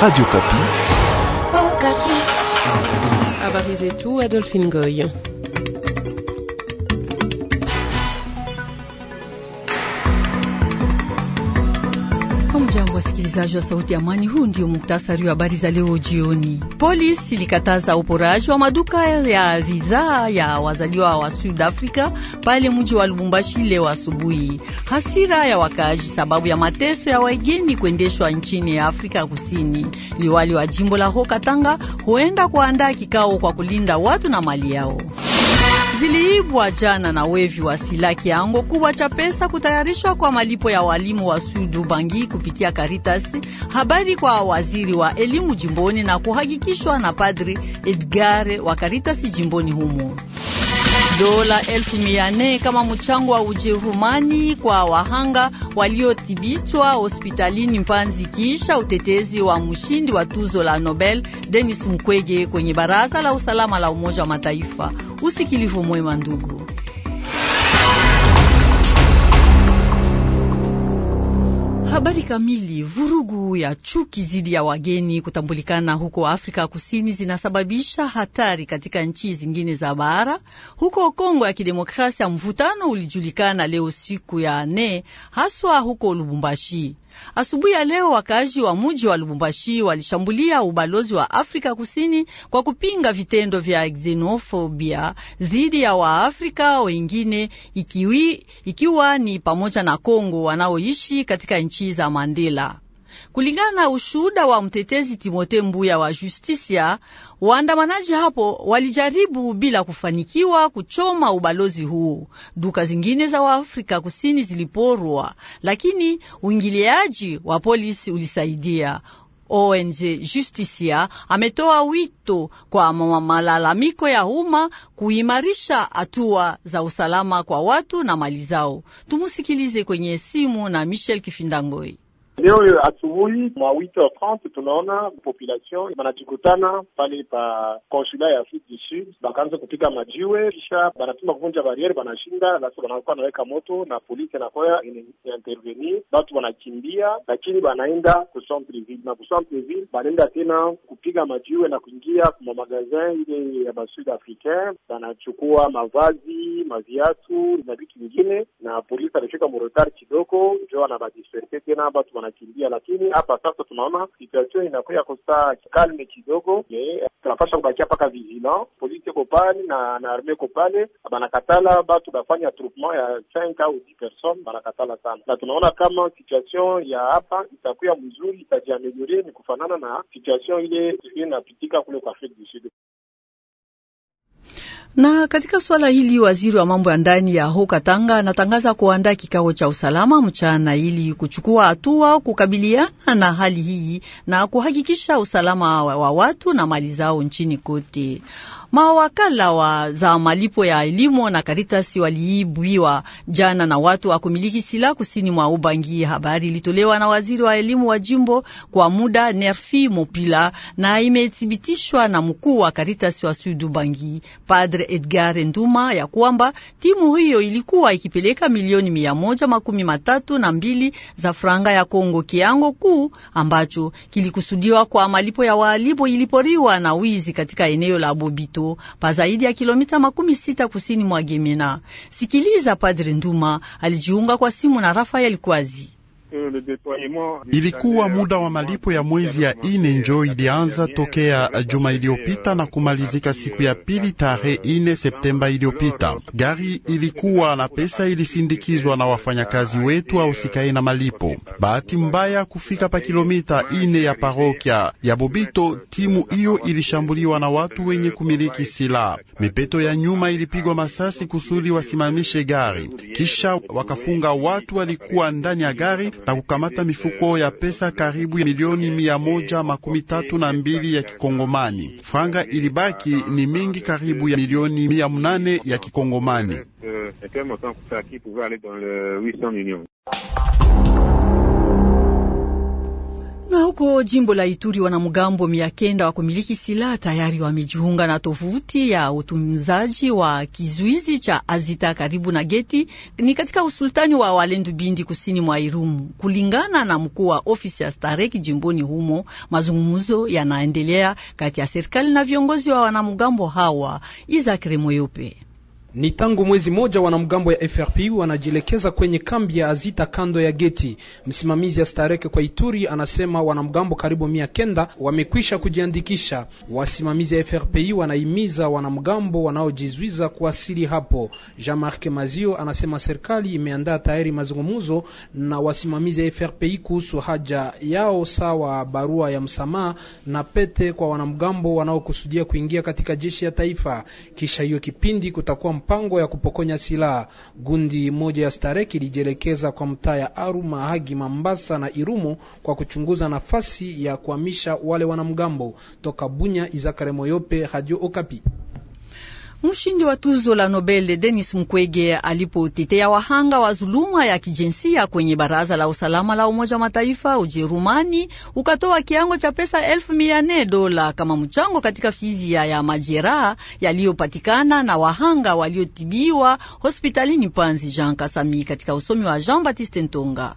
Radio Kapi. Oh, Kapi. Habari zetu Adolphine Goy. Msikilizaji wa Sauti ya Amani, huu ndio muktasari wa habari za leo jioni. Polisi ilikataza uporaji wa maduka ya bidhaa ya wazaliwa wa Sud Afrika pale mji wa Lubumbashi leo asubuhi. Hasira ya wakaaji sababu ya mateso ya wageni kuendeshwa nchini ya Afrika Kusini. Liwali wa jimbo la Haut-Katanga huenda kuandaa kikao kwa kulinda watu na mali yao ziliibwa jana na wevi wa sila kiango kubwa cha pesa kutayarishwa kwa malipo ya walimu wa Sudu Bangi kupitia Caritas. Habari kwa waziri wa elimu jimboni na kuhakikishwa na Padri Edgare wa Caritas jimboni humo. Dola elfu mia nne kama mchango wa Ujerumani kwa wahanga waliotibitwa hospitalini Mpanzi kisha utetezi wa mshindi wa tuzo la Nobel Denis Mukwege kwenye baraza la usalama la Umoja wa Mataifa. Usikilivu mwema ndugu. Habari kamili. Vurugu ya chuki dhidi ya wageni kutambulikana huko Afrika Kusini zinasababisha hatari katika nchi zingine za bara. Huko Kongo ya Kidemokrasia, mvutano ulijulikana leo siku ya nne, haswa huko Lubumbashi. Asubuhi ya leo wakaaji wa muji wa Lubumbashi walishambulia ubalozi wa Afrika Kusini kwa kupinga vitendo vya xenofobia dhidi ya Waafrika wengine ikiwi, ikiwa ni pamoja na Kongo wanaoishi katika nchi za Mandela. Kulingana na ushuhuda wa mtetezi Timote Mbuya wa Justisia, waandamanaji hapo walijaribu bila kufanikiwa kuchoma ubalozi huu. Duka zingine za Waafrika Kusini ziliporwa, lakini uingiliaji wa polisi ulisaidia. ONG Justisia ametoa wito kwa malalamiko ya umma kuimarisha hatua za usalama kwa watu na mali zao. Tumusikilize kwenye simu na Michel Kifindangoi. Leo euh, asubuhi mwa 8:30 tunaona population banajikutana pale pa konsula ya Afrique du Sud, bakaanza kupiga majiwe, kisha banatuma kuvunja barriere banashinda basi, banakuwa naweka moto na polisi anakoya intervenir, batu banakimbia, lakini banaenda ku centreville na ku centreville banaenda tena kupiga majiwe na kuingia kwa magazin ile ya basud africain, banachukua mavazi, maviatu na vitu vingine, na polisi anafika mretard kidogo, njo anabadiserke tena batu wanakimbia, lakini hapa sasa tunaona situation inakuya kosa kalme kidogo, tunapasha kubakia mpaka vigilan polisi iko pale na na arme iko pale, banakatala batu bafanya troupement ya cinq au dix personnes, banakatala sana, na tunaona kama situation ya hapa itakuya mzuri, itajiameliore ni kufanana na situation ile inapitika kule kwa Afrique du Sud. Na katika swala hili waziri wa mambo ya ndani ya ho Katanga anatangaza kuandaa kikao cha usalama mchana ili kuchukua hatua kukabiliana na hali hii na kuhakikisha usalama wa watu na mali zao nchini kote. Mawakala wa za malipo ya elimu na Karitasi waliibwiwa jana na watu wa kumiliki silaha kusini mwa Ubangi. Habari ilitolewa na waziri wa elimu wa jimbo kwa muda Nerfi Mopila na imethibitishwa na mkuu wa Karitasi wa Sud Ubangi Padre Edgar Nduma ya kwamba timu hiyo ilikuwa ikipeleka milioni mia moja makumi matatu na mbili za franga ya Kongo kiango kuu ambacho kilikusudiwa kwa malipo ya walipo iliporiwa na wizi katika eneo la Bobito. Moto pa zaidi ya kilomita makumi sita kusini mwa Gemena. Sikiliza padre Nduma alijiunga kwa simu na Rafael Kwazi. Ilikuwa muda wa malipo ya mwezi ya ine njo ilianza tokea juma iliyopita na kumalizika siku ya pili tarehe ine Septemba iliyopita. Gari ilikuwa na pesa ilisindikizwa na wafanyakazi wetu au sikai na malipo. Bahati mbaya kufika pa kilomita ine ya parokia ya Bobito, timu hiyo ilishambuliwa na watu wenye kumiliki silaha. Mipeto ya nyuma ilipigwa masasi kusudi wasimamishe gari, kisha wakafunga watu walikuwa ndani ya gari na kukamata mifuko ya pesa karibu ya milioni mia moja makumi tatu na mbili ya kikongomani. Franga ilibaki ni mingi karibu ya milioni mia mnane ya kikongomani. Huko jimbo la Ituri, wanamgambo mia kenda wa kumiliki silaha tayari wamejiunga na tovuti ya utunzaji wa kizuizi cha Azita karibu na geti ni katika usultani wa Walendu Bindi kusini mwa Irumu, kulingana na mkuu wa ofisi ya Stareki jimboni humo. Mazungumzo yanaendelea kati ya serikali na viongozi wa wanamgambo hawa. Izakire Remoyope. Ni tangu mwezi moja wanamgambo ya FRP wanajielekeza kwenye kambi ya Azita kando ya geti. Msimamizi Stareke kwa Ituri anasema wanamgambo karibu mia kenda wamekwisha kujiandikisha. Wasimamizi ya FRP wanahimiza wanamgambo wanaojizuiza kuwasili hapo. Jean-Marc Mazio anasema serikali imeandaa tayari mazungumzo na wasimamizi ya FRP kuhusu haja yao sawa barua ya msamaha na pete kwa wanamgambo wanaokusudia kuingia katika jeshi ya taifa. Kisha hiyo kipindi kutakuwa mpango ya kupokonya silaha. Gundi moja ya stareki ilijielekeza kwa mtaa ya Aru, Mahagi, Mambasa na Irumu kwa kuchunguza nafasi ya kuhamisha wale wanamgambo toka Bunya. Izakare Moyope, Radio Okapi. Mshindi wa tuzo la Nobel Denis Mukwege alipotetea wahanga wa dhuluma ya kijinsia kwenye Baraza la Usalama la Umoja wa Mataifa, Ujerumani ukatoa kiango cha pesa elfu mia nne dola kama mchango katika fizia ya majeraha yaliyopatikana na wahanga waliotibiwa hospitalini Panzi. Jean Kasami katika usomi wa Jean Baptiste Ntonga.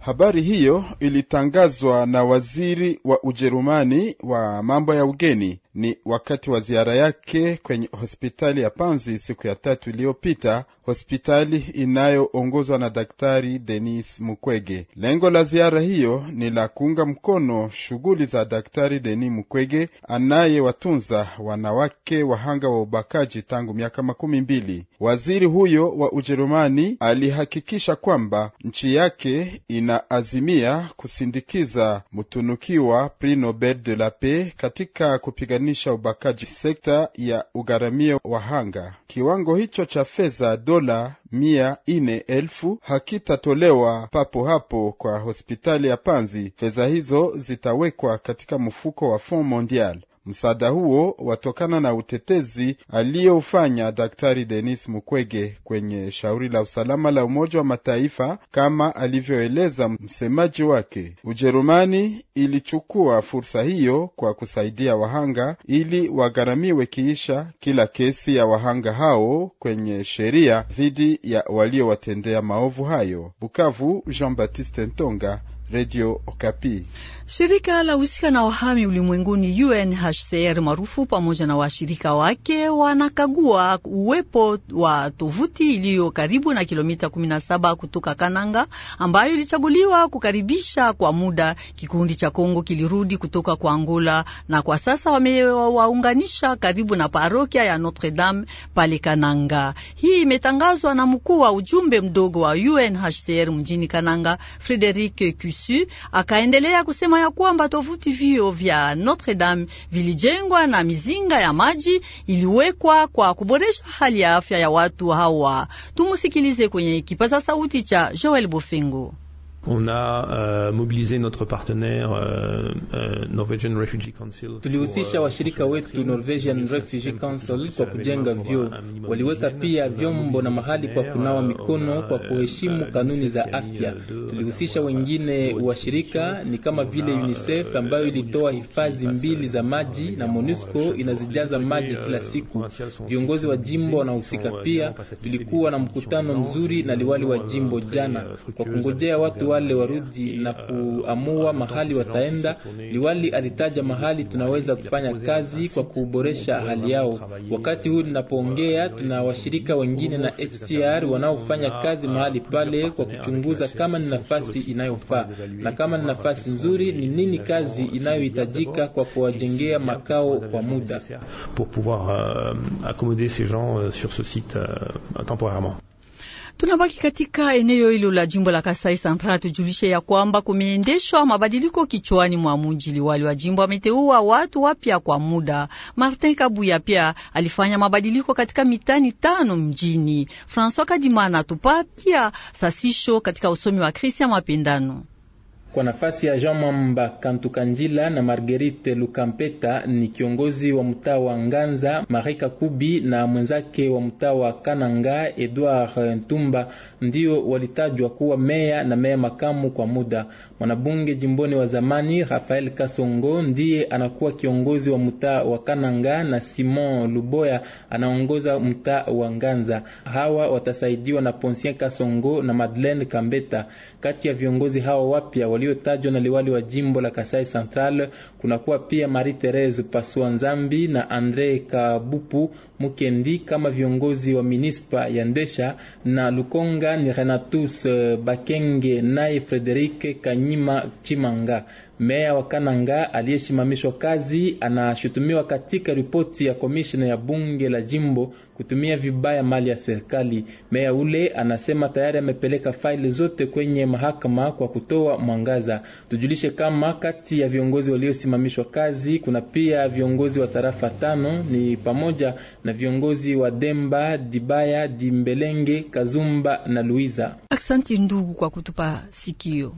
Habari hiyo ilitangazwa na waziri wa Ujerumani wa mambo ya ugeni ni wakati wa ziara yake kwenye hospitali ya Panzi siku ya tatu iliyopita, hospitali inayoongozwa na Daktari Denis Mukwege. Lengo la ziara hiyo ni la kuunga mkono shughuli za Daktari Denis Mukwege anayewatunza wanawake wahanga wa ubakaji tangu miaka makumi mbili. Waziri huyo wa Ujerumani alihakikisha kwamba nchi yake inaazimia kusindikiza mtunukiwa Prix Nobel de la Paix katika kupigania kupiganisha ubakaji sekta ya ugharamia wa hanga. Kiwango hicho cha fedha dola mia ine elfu hakitatolewa papo hapo kwa hospitali ya Panzi. Fedha hizo zitawekwa katika mfuko wa Fond Mondial. Msaada huo watokana na utetezi aliyofanya Daktari Denis Mukwege kwenye shauri la usalama la Umoja wa Mataifa, kama alivyoeleza msemaji wake. Ujerumani ilichukua fursa hiyo kwa kusaidia wahanga ili wagharamiwe kiisha kila kesi ya wahanga hao kwenye sheria dhidi ya waliowatendea maovu hayo. Bukavu, Jean Baptiste Ntonga. Radio Okapi. Shirika la husika na wahami ulimwenguni UNHCR maarufu pamoja na washirika wake wanakagua uwepo wa tovuti iliyo karibu na kilomita 17 kutoka Kananga ambayo ilichaguliwa kukaribisha kwa muda kikundi cha Kongo kilirudi kutoka kwa Angola, na kwa sasa wamewaunganisha karibu na parokia ya Notre Dame pale Kananga. Hii imetangazwa na mkuu wa ujumbe mdogo wa UNHCR mjini Kananga Frederic Lusu akaendelea kusema ya kwamba tovuti vio vya Notre Dame vilijengwa na mizinga ya maji iliwekwa kwa kuboresha hali ya afya ya watu hawa. Tumusikilize kwenye kipaza sauti cha Joel Bofingo. On a euh, mobilisé notre partenaire euh, euh, Norwegian Refugee Council. Tulihusisha euh, washirika wetu Norwegian Refugee Council kwa kujenga vyoo. Waliweka pia vyombo na mahali kwa kunawa euh, mikono kwa kuheshimu euh, kanuni za afya. Tulihusisha wengine washirika ni kama vile UNICEF ambayo ilitoa hifadhi mbili za maji na MONUSCO inazijaza maji kila siku. Viongozi wa jimbo wanahusika pia. Tulikuwa na mkutano mzuri na liwali wa jimbo jana kwa kungojea watu wale warudi na kuamua mahali wataenda. Liwali alitaja mahali tunaweza kufanya kazi kwa kuboresha hali yao. Wakati huu ninapoongea, tuna washirika wengine na FCR wanaofanya kazi mahali pale kwa kuchunguza kama ni nafasi inayofaa na kama ni nafasi nzuri, ni nini kazi inayohitajika kwa kuwajengea makao kwa muda. Tunabaki katika eneo hilo la jimbo la Kasai Central. Tujulishe ya kwamba kumeendeshwa mabadiliko kichwani mwa mji. Liwali wa jimbo ameteua watu wapya kwa muda. Martin Kabuya pia alifanya mabadiliko katika mitani tano mjini. François Kadimana tupa pia sasisho katika usomi wa kristian Mapendano. Kwa nafasi ya Jean Mamba Kantukanjila na Marguerite Lukampeta ni kiongozi wa mtaa wa Nganza Marika Kubi na mwenzake wa mtaa wa Kananga Edouard Ntumba ndio walitajwa kuwa meya na meya makamu kwa muda. Mwanabunge jimboni wa zamani Rafael Kasongo ndiye anakuwa kiongozi wa mtaa wa Kananga na Simon Luboya anaongoza mtaa wa Nganza. Hawa watasaidiwa na Ponsien Kasongo na Madeleine Kambeta. Kati ya viongozi hawa wapya waliotajwa na liwali wa jimbo la Kasai Central kunakuwa pia Marie Therese Pasuanzambi na Andre Kabupu Mukendi kama viongozi wa minispa ya Ndesha na Lukonga ni Renatus Bakenge naye Frederike Kanyima Chimanga. Meya wa Kananga aliyesimamishwa kazi anashutumiwa katika ripoti ya komishina ya bunge la jimbo kutumia vibaya mali ya serikali. Meya ule anasema tayari amepeleka faili zote kwenye mahakama kwa kutoa mwangaza. Tujulishe kama kati ya viongozi waliosimamishwa kazi kuna pia viongozi wa tarafa tano, ni pamoja na viongozi wa Demba, Dibaya, Dimbelenge, Kazumba na Luiza. Aksanti ndugu kwa kutupa sikio.